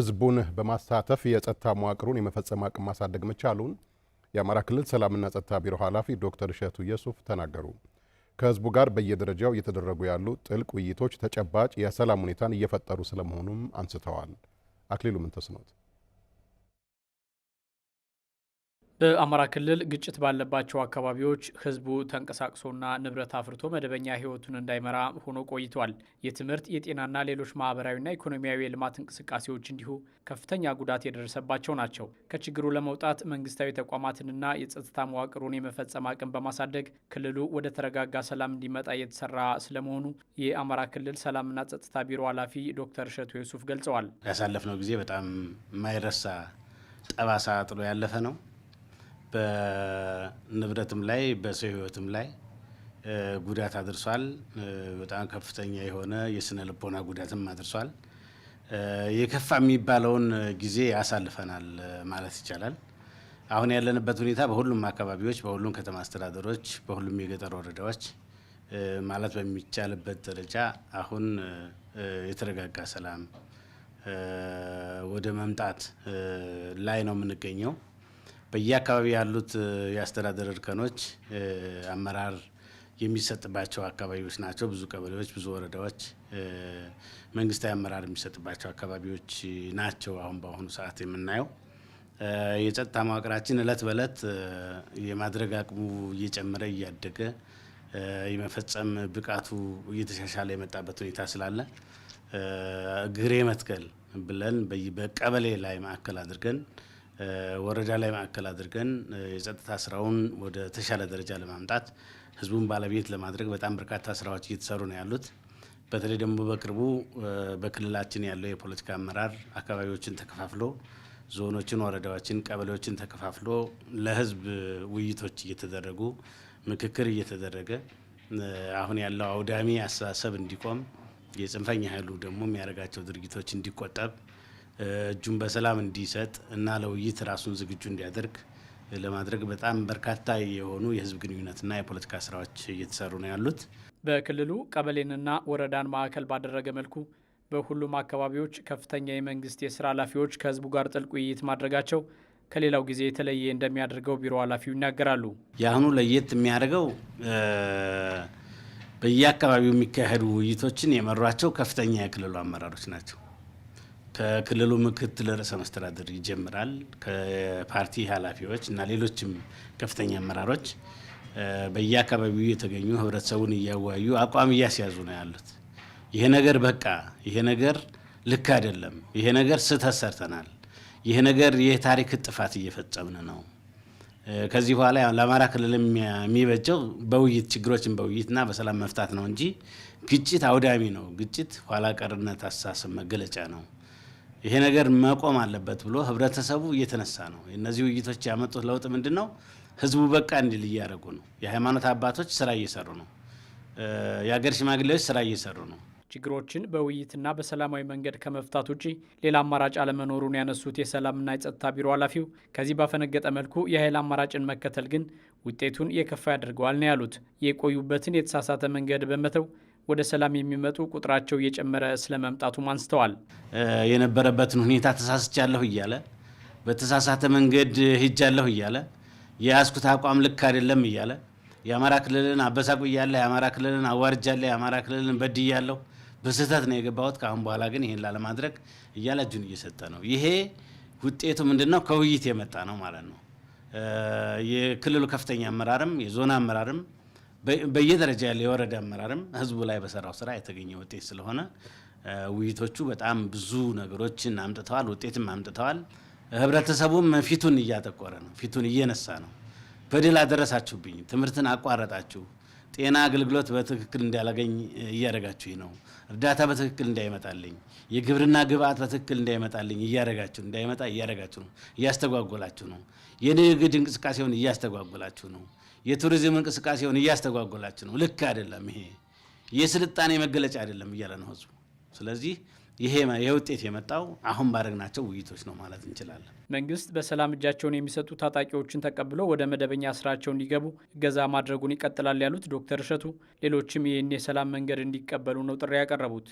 ህዝቡን በማሳተፍ የጸጥታ መዋቅሩን የመፈጸም አቅም ማሳደግ መቻሉን የአማራ ክልል ሰላምና ጸጥታ ቢሮ ኃላፊ ዶክተር እሸቱ ኢየሱፍ ተናገሩ። ከህዝቡ ጋር በየደረጃው እየተደረጉ ያሉ ጥልቅ ውይይቶች ተጨባጭ የሰላም ሁኔታን እየፈጠሩ ስለመሆኑም አንስተዋል። አክሊሉ ምንተስኖት በአማራ ክልል ግጭት ባለባቸው አካባቢዎች ህዝቡ ተንቀሳቅሶና ንብረት አፍርቶ መደበኛ ህይወቱን እንዳይመራ ሆኖ ቆይቷል። የትምህርት የጤናና ሌሎች ማህበራዊና ኢኮኖሚያዊ የልማት እንቅስቃሴዎች እንዲሁ ከፍተኛ ጉዳት የደረሰባቸው ናቸው። ከችግሩ ለመውጣት መንግስታዊ ተቋማትንና የጸጥታ መዋቅሩን የመፈጸም አቅም በማሳደግ ክልሉ ወደ ተረጋጋ ሰላም እንዲመጣ እየተሰራ ስለመሆኑ የአማራ ክልል ሰላምና ጸጥታ ቢሮ ኃላፊ ዶክተር እሸቱ ዩሱፍ ገልጸዋል። ያሳለፍነው ጊዜ በጣም የማይረሳ ጠባሳ ጥሎ ያለፈ ነው። በንብረትም ላይ በሰው ህይወትም ላይ ጉዳት አድርሷል። በጣም ከፍተኛ የሆነ የስነ ልቦና ጉዳትም አድርሷል። የከፋ የሚባለውን ጊዜ ያሳልፈናል ማለት ይቻላል። አሁን ያለንበት ሁኔታ በሁሉም አካባቢዎች፣ በሁሉም ከተማ አስተዳደሮች፣ በሁሉም የገጠር ወረዳዎች ማለት በሚቻልበት ደረጃ አሁን የተረጋጋ ሰላም ወደ መምጣት ላይ ነው የምንገኘው። በየአካባቢ ያሉት የአስተዳደር እርከኖች አመራር የሚሰጥባቸው አካባቢዎች ናቸው። ብዙ ቀበሌዎች፣ ብዙ ወረዳዎች መንግስታዊ አመራር የሚሰጥባቸው አካባቢዎች ናቸው። አሁን በአሁኑ ሰዓት የምናየው የጸጥታ መዋቅራችን እለት በእለት የማድረግ አቅሙ እየጨመረ እያደገ የመፈጸም ብቃቱ እየተሻሻለ የመጣበት ሁኔታ ስላለ እግሬ መትከል ብለን በቀበሌ ላይ ማዕከል አድርገን ወረዳ ላይ ማዕከል አድርገን የጸጥታ ስራውን ወደ ተሻለ ደረጃ ለማምጣት ህዝቡን ባለቤት ለማድረግ በጣም በርካታ ስራዎች እየተሰሩ ነው ያሉት። በተለይ ደግሞ በቅርቡ በክልላችን ያለው የፖለቲካ አመራር አካባቢዎችን ተከፋፍሎ ዞኖችን፣ ወረዳዎችን፣ ቀበሌዎችን ተከፋፍሎ ለህዝብ ውይይቶች እየተደረጉ ምክክር እየተደረገ አሁን ያለው አውዳሚ አስተሳሰብ እንዲቆም የጽንፈኛ ኃይሉ ደግሞ የሚያደርጋቸው ድርጊቶች እንዲቆጠብ እጁን በሰላም እንዲሰጥ እና ለውይይት ራሱን ዝግጁ እንዲያደርግ ለማድረግ በጣም በርካታ የሆኑ የህዝብ ግንኙነትና የፖለቲካ ስራዎች እየተሰሩ ነው ያሉት። በክልሉ ቀበሌንና ወረዳን ማዕከል ባደረገ መልኩ በሁሉም አካባቢዎች ከፍተኛ የመንግስት የስራ ኃላፊዎች ከህዝቡ ጋር ጥልቅ ውይይት ማድረጋቸው ከሌላው ጊዜ የተለየ እንደሚያደርገው ቢሮ ኃላፊው ይናገራሉ። የአሁኑ ለየት የሚያደርገው በየአካባቢው የሚካሄዱ ውይይቶችን የመሯቸው ከፍተኛ የክልሉ አመራሮች ናቸው። ከክልሉ ምክትል ርዕሰ መስተዳድር ይጀምራል። ከፓርቲ ኃላፊዎች እና ሌሎችም ከፍተኛ አመራሮች በየአካባቢው የተገኙ ህብረተሰቡን እያዋዩ አቋም እያስያዙ ነው ያሉት። ይሄ ነገር በቃ ይሄ ነገር ልክ አይደለም፣ ይሄ ነገር ስህተት ሰርተናል፣ ይሄ ነገር የታሪክ ጥፋት እየፈጸምን ነው። ከዚህ በኋላ ለአማራ ክልል የሚበጀው በውይይት ችግሮችን በውይይትና በሰላም መፍታት ነው እንጂ ግጭት አውዳሚ ነው። ግጭት ኋላ ቀርነት አስተሳሰብ መገለጫ ነው። ይሄ ነገር መቆም አለበት ብሎ ህብረተሰቡ እየተነሳ ነው። እነዚህ ውይይቶች ያመጡት ለውጥ ምንድን ነው? ህዝቡ በቃ እንዲል እያደረጉ ነው። የሃይማኖት አባቶች ስራ እየሰሩ ነው። የሀገር ሽማግሌዎች ስራ እየሰሩ ነው። ችግሮችን በውይይትና በሰላማዊ መንገድ ከመፍታት ውጪ ሌላ አማራጭ አለመኖሩን ያነሱት የሰላምና የጸጥታ ቢሮ ኃላፊው ከዚህ ባፈነገጠ መልኩ የኃይል አማራጭን መከተል ግን ውጤቱን የከፋ ያደርገዋል ነው ያሉት። የቆዩበትን የተሳሳተ መንገድ በመተው ወደ ሰላም የሚመጡ ቁጥራቸው እየጨመረ ስለመምጣቱም አንስተዋል። የነበረበትን ሁኔታ ተሳስቻለሁ እያለ በተሳሳተ መንገድ ሂጃለሁ እያለ የያዝኩት አቋም ልክ አይደለም እያለ የአማራ ክልልን አበሳቁ እያለ የአማራ ክልልን አዋርጃለሁ፣ የአማራ ክልልን በድያለሁ፣ በስህተት ነው የገባሁት፣ ከአሁን በኋላ ግን ይህን ላለማድረግ እያለ እጁን እየሰጠ ነው። ይሄ ውጤቱ ምንድን ነው? ከውይይት የመጣ ነው ማለት ነው። የክልሉ ከፍተኛ አመራርም የዞን አመራርም በየደረጃ ያለ የወረደ አመራርም ህዝቡ ላይ በሰራው ስራ የተገኘ ውጤት ስለሆነ ውይይቶቹ በጣም ብዙ ነገሮችን አምጥተዋል፣ ውጤትም አምጥተዋል። ህብረተሰቡም ፊቱን እያጠቆረ ነው፣ ፊቱን እየነሳ ነው። በድል አደረሳችሁብኝ፣ ትምህርትን አቋረጣችሁ ጤና አገልግሎት በትክክል እንዳላገኝ እያደረጋችሁኝ ነው። እርዳታ በትክክል እንዳይመጣልኝ፣ የግብርና ግብአት በትክክል እንዳይመጣልኝ እያደረጋችሁ እንዳይመጣ እያደረጋችሁ ነው። እያስተጓጎላችሁ ነው። የንግድ እንቅስቃሴውን እያስተጓጎላችሁ ነው። የቱሪዝም እንቅስቃሴውን እያስተጓጎላችሁ ነው። ልክ አይደለም። ይሄ የስልጣኔ መገለጫ አይደለም እያለ ነው ህዝቡ። ስለዚህ ይሄ የውጤት የመጣው አሁን ባደረግናቸው ውይይቶች ነው ማለት እንችላለን። መንግስት በሰላም እጃቸውን የሚሰጡ ታጣቂዎችን ተቀብሎ ወደ መደበኛ ስራቸው እንዲገቡ እገዛ ማድረጉን ይቀጥላል ያሉት ዶክተር እሸቱ ሌሎችም ይህን የሰላም መንገድ እንዲቀበሉ ነው ጥሪ ያቀረቡት።